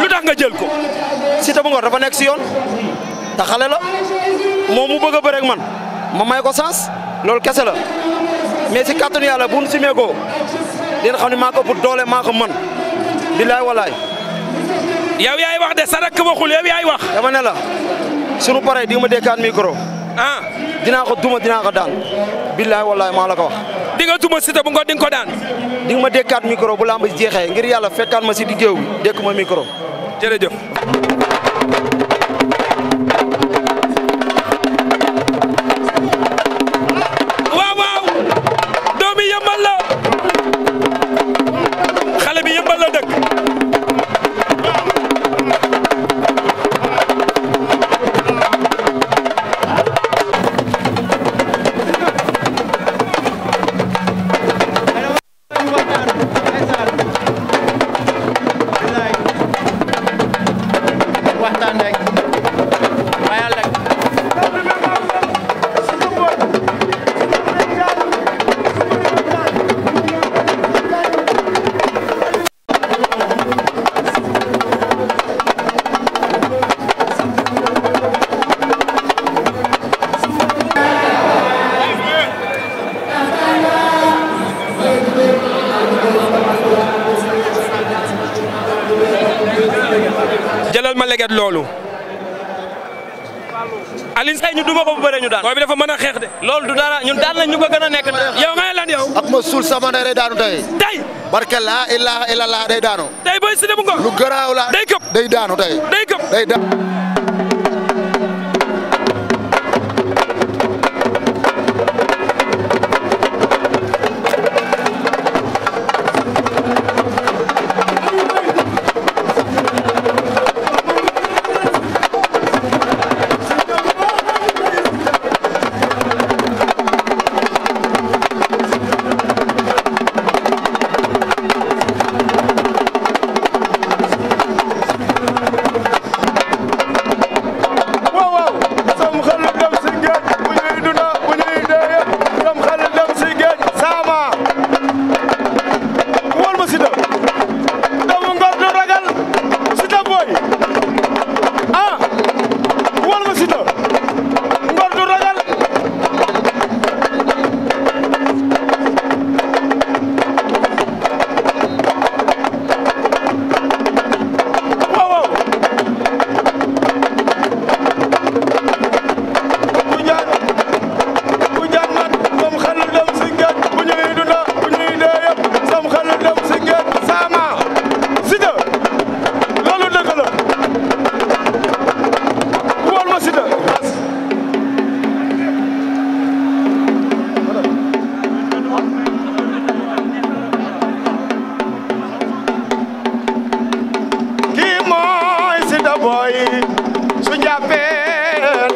lu tax nga jël ko Siteu bu Ngor dafa nekk si yoon te xale la moom mu bëgg man ma may ko sens loolu kese la mais si kàttanu yàlla bu nu simee ko dina xam ne maa ko ëpp doole maa ko mën billaay walaay. yow yaay wax de sarak waxul yow yaay wax. dama ne la sunu pare di ma dékkaat micro. ah dinaa ko duma dinaa ko daan billaay walaay maa la ko wax. di nga duma Siteu bu ngoon di nga ko daan. di ma dékkaat micro bu lamb jeexee ngir yàlla fekkaat ma si di géew bi dékk ma micro. jërëjëf. loolu. Alioune Seye ñu duma ko bu bëree ñu daan. mën xeex de. loolu du dara ñun ñu ko gën a nekk. yow ngay lan yow. ak ma suul sama ndey day daanu tey. tey. barke laa ilaaha illallaah day daanu. tey booy si dem ngoog. lu garaaw la day këpp day daanu day këpp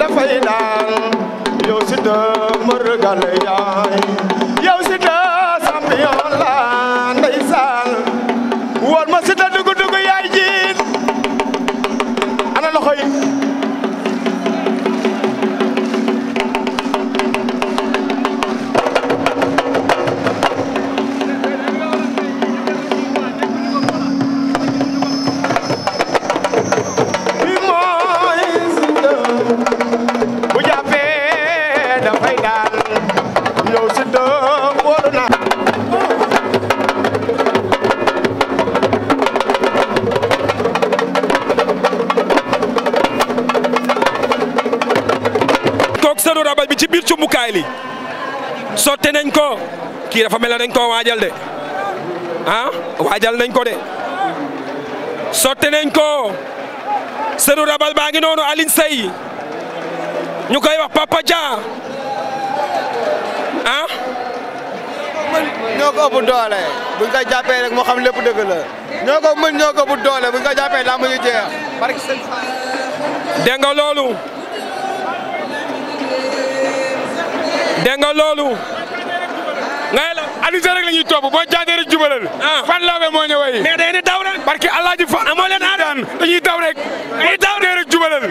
dafay daan yow Siteu mbër ga la yaay yóbbukaay li nañ ko kii dafa mel ne dañ koo waajal de ah waajal nañ ko de sotte ñu koy wax Papa Dia ah. mën ñoo loolu. dégg nga loolu. ngay la Alioune Seye rek la ñuy topp boo jaatee rek jubalal. Ah. fan laabe moo ñëwee. mais dañuy daw rek. parce que El Hadj Fall leen daan dañuy daw rek. dañuy daw rek jubalal.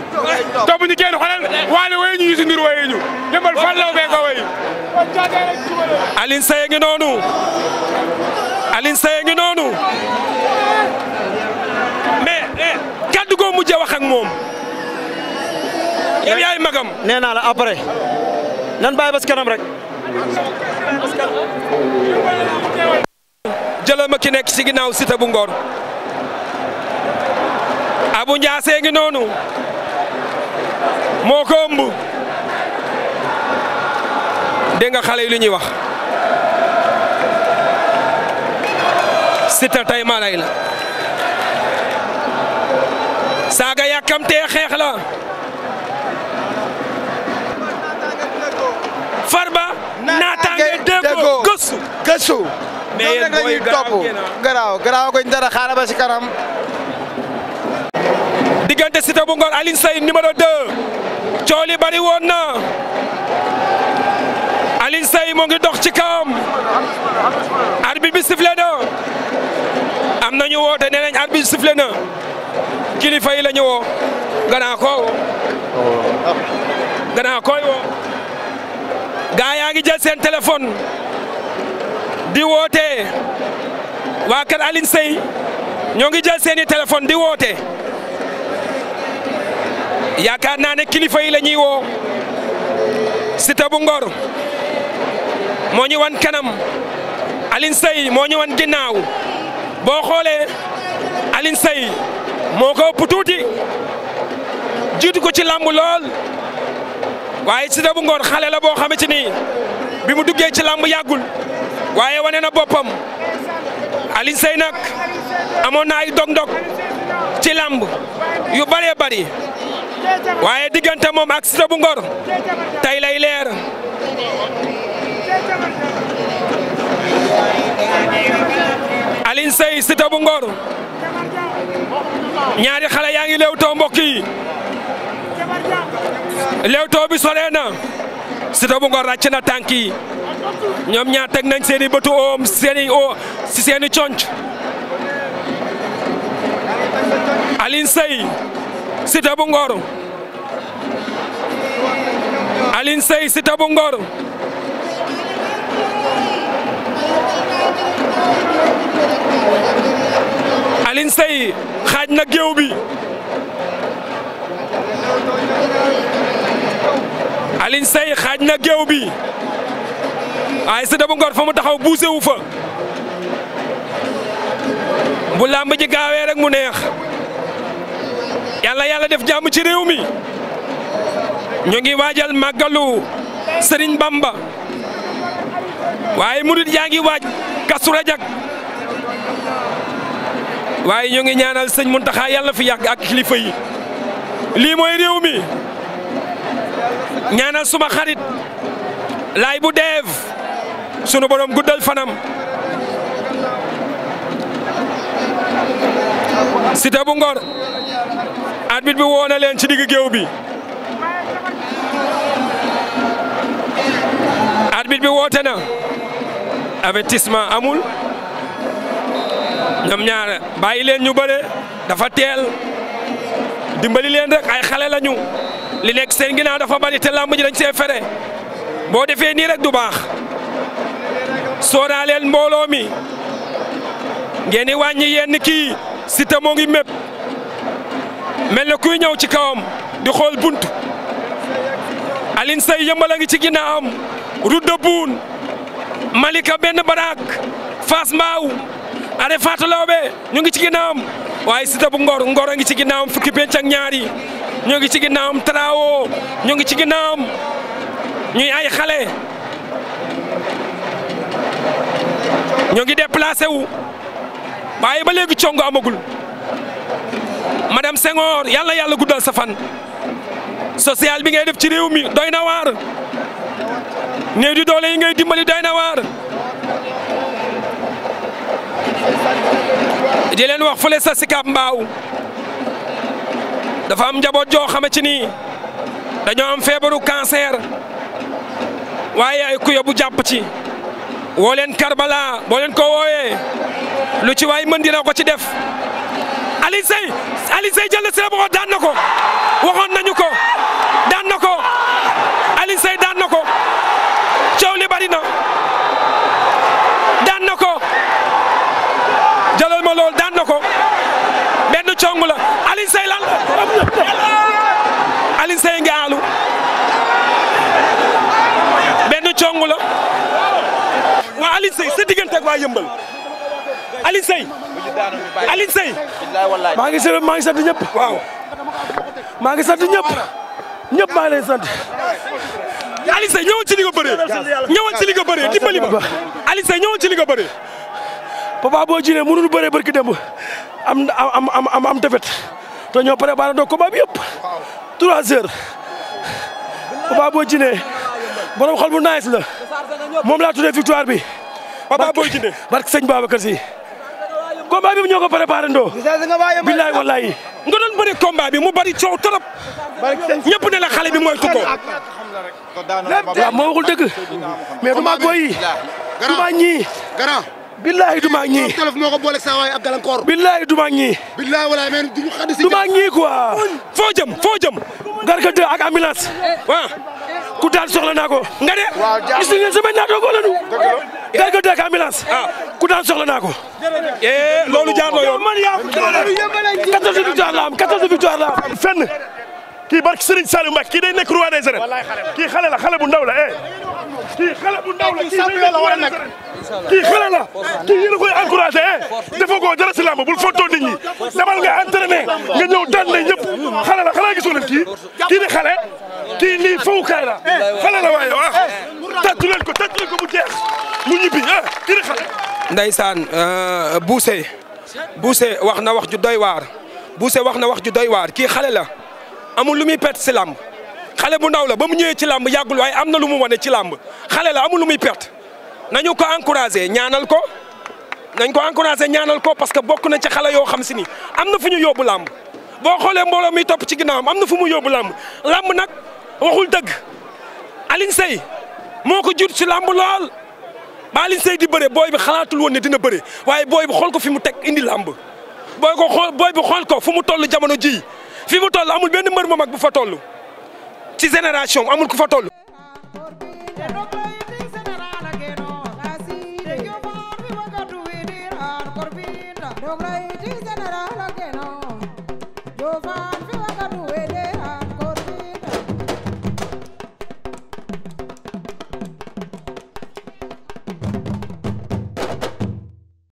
topp ñu kenn xoolal waale wéy ñu Youssou Ndour wéy ñu yëmbal fan laabe ko wéy. Alioune Seye noonu Alioune Seye ngi noonu mais eh, moom. yow yaay magam nee naa la après. nan bàyyi ba si kanam rek. jëlee ma ki nekk si ginnaaw Siteu bu Ngor. Abu Ndiassé ngi noonu. moo ko ëmb. dégg nga lu ñuy wax. Siteu tey malay la. saaga yàkkamtee xeex la. déggoo gëstu gëstu. mais yéen booy garaaw gi garaaw garaaw koñ dara xaaral ba si kanam. diggante Cité bu Ngor Alioune Seye numéro bari woon na Alioune Seye moo ngi dox ci kawam arbitre bi na am nañu woote ne nañ arbitre sifflé na kilifa yi la ñu woo gannaaw koo woo oh. gannaaw gaa yaa ngi jël seen téléphone di woote waa kër Alioune Seye ñoo ngi jël seeni téléphone di woote yaakaar naa ne kilifa yi la ñuy woo Siteu bu Ngor moo ñu wan kanam Alioune Seye moo ñu wan ginnaaw boo xoolee Alioune Seye moo ko ëpp jiitu ko ci làmb lool. waaye Siteu bu Ngor xale la boo xamante ni bi mu duggee ci làmb yàggul waaye wane na boppam Alioune Seye nag amoon na ay dog-dog ci làmb yu bëree bëri waaye diggante moom ak Siteu bu Ngor tey lay leer. Alioune Seye Siteu bu Ngor ñaari xale yaa ngi leewtoo mbokk yi. lewtoo bi soree na Siteu bu Ngor tànk yi ñoom ñaar teg nañ seen bëtu oom si seen conc Aline Seye Siteu bu Ngor Aline Seye Siteu bu Ngor Aline xaaj na géew bi Alioune Seye xaaj na géew bi ASC Debour Ngor fa mu taxaw buuse wu fa bu làmb ji gaawee rek mu neex yàlla yàlla def jàmm ci réew mi ñu ngi waajal màggalu Serigne Bamba waaye di yaa ngi waaj Kazu Rajab waaye ñu ngi ñaanal sëñ Muntaxa yàlla fi yàgg ak kilifa yi lii mooy réew mi. ñaanal suma xarit laay bu deev sunu borom guddal fanam Siteu bu Ngor arbitre bi woo leen ci digg géew bi arbitre bi woote na avertissement amul ñoom ñaar bàyyi leen ñu bare dafa teel dimbali leen rek ay xale lañu li nekk seen ginnaaw dafa bari te làmb ji dañ see fere boo defee nii rek du baax sooraaleel mbooloo mi ngeen di wàññi yenn kii Siteu moo ngi mépp mel na kuy ñëw ci kawam di xool bunt alin Sey yëmbal a ngi ci ginnaawam route de Boune Malika benn baraak fas Mbaaw are Fatou Lawbe ñu ngi ci ginnaawam waaye Siteu bu Ngor Ngor a ngi ci ginnaawam fukki penc ak ñaar yi ñoo ngi ci ginnaawam Traoré ñoo ngi ci ginnaawam ñuy ay xale ñoo ngi déplacé wu waaye ba léegi congo amagul madame Senghor yàlla yàlla guddal safan fan social bi ngay def ci réew mi doy na waar néew di doole yi ngay dimbali doy na waar di leen wax fële sa Sicap Mbao dafa am njaboot joo xama ci ni dañoo am feebaru cancer waaye ay kuyo bu jàpp ci woo leen Karbala boo leen ko wooye lu ci waay mën dina ko ci def Alioune Seye Alioune Seye na sira boxoo daan na ko waxoon nañu ko daan na ko Alioune ko coow li bari na daan na ko Alioune Seye ngi aalu benn congu la waa Alioune Seye sa diggante ak waa Yëmbal Alioune Seye maa ngi sant maa ngi sant ñëpp waaw maa ngi sant ñëpp ñëpp maa ngi lay sant Alioune Seye ñëwal ci li nga bëree ñëwal ci li nga bëree dimbali ma Alioune Seye ñëwal ci li nga bëree papa boo jiinee mënul bëree barki démb am am am am am tefet te ñoo préparé donc combat bi yëpp. trois heures. Papa Boy Djiné borom xol bu nice la moom laa tuddee victoire bi. Papa Boy Djiné barke sëñ Babacar Si. combat bi ñoo ko préparé ndoo. billaay wallaay nga doon bëri combat bi mu bari coow trop. ñëpp ne la xale bi mooy tukko. waaw moo waxul dëgg mais du ma booy ñii. billahi du ma ñii tolof moo ko boole sa waay ak gàllankoor billahi du ma foo jëm foo jëm garga de ak ambulance waaw soxla naa ko nga de gis ngeen sama naatoo ko lañu garga soxla naa ko eh loolu jaar yo yoon man yaa quatorze victoire la am quatorze victoire la am fenn kii barke Serigne Saliou kii day nekk roi des arènes kii xale la xale bu ndaw la eh kii xale bu ndaw la kii xale la kii yéen a ko eh. dara si bul fontoo nit ñi demal nga entraîné nga ñëw daan na ñëpp xale la xale gisoo kii kii di xale kii la xale la waaye ah tàccu ko tàccu ko mu jeex mu ñibbi eh. kii di xale. Ndeysaan euh, Bousse Bousse wax na wax ju doy waar wax na wax ju doy kii xale la amul lu muy pet si xale bu ndaw la ba mu ñëwee ci làmb yàggul waaye am na lu mu wane ci làmb xale la amul lu muy perte nañu ko encouragé ñaanal ko nañ ko encouragé ñaanal ko parce que bokk na ci xale yoo xam si ni am na fu ñu yóbbu làmb boo xoolee mbooloo mi topp ci ginnaawam am na fu mu yóbbu làmb làmb nag waxul dëgg alin Seye moo ko jur ci làmb laal ba Alioune Seye di bëre booy bi xalaatul woon ne dina bëre waaye booy bi xool ko fi mu teg indi làmb booy ko xool booy bi xool ko fu mu toll jamono ji fi mu toll amul benn mbër mu mag bu fa toll. ci génération amul ku fa toll